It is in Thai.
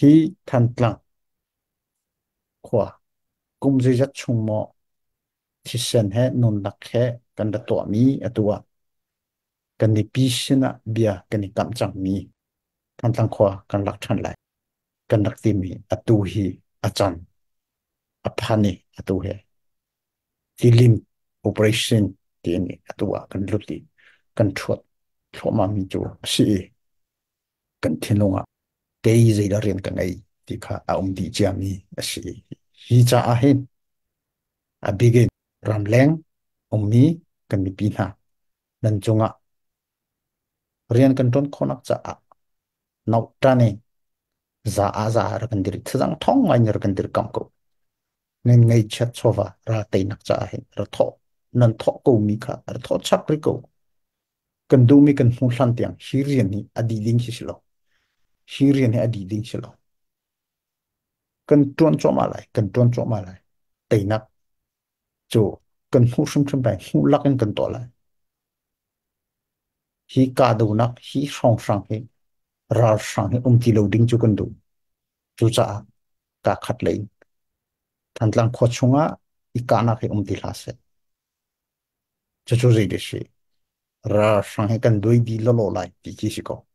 hi than tlang khwa kum zi zat chung mo thi sen he nun lak he kan da to mi atua kan ni pi sina bia kan ni kam chang mi than tlang khwa kan lak than lai kan lak ti mi atu hi achan aphani atu he ti lim operation ti ni atua kan lu ti kan thuat thoma mi chu si kan thinunga cái gì đó riêng cái này thì khá à ông đi chạm đi à sĩ hi cha à hin à bị cái ram leng ông mi cần bị pin ha nên chung à riêng cần trốn con cha à nấu ra này za a za ra cần đi thứ rằng thong anh nhờ cần đi cầm cổ nên ngay chết cho và ra tay nặc cha hin ra thọ nên thọ cổ mi khá ra thọ chắc rồi cổ cần du mi cần phong san tiếng hi riêng ni adi linh hi silo hirien a di ding silo kan tuan cho ma lai kan tuan cho ma lai tei nak cho kan hu sum sum bai hu lak kan to lai hi ka do nak hi song sang he ra sang he um ti lo ding chu kan du chu cha ka khat lai than lang kho chunga i ka na he um ti la se chu chu ri de shi ra sang he kan doi di lo lo lai ti chi si ko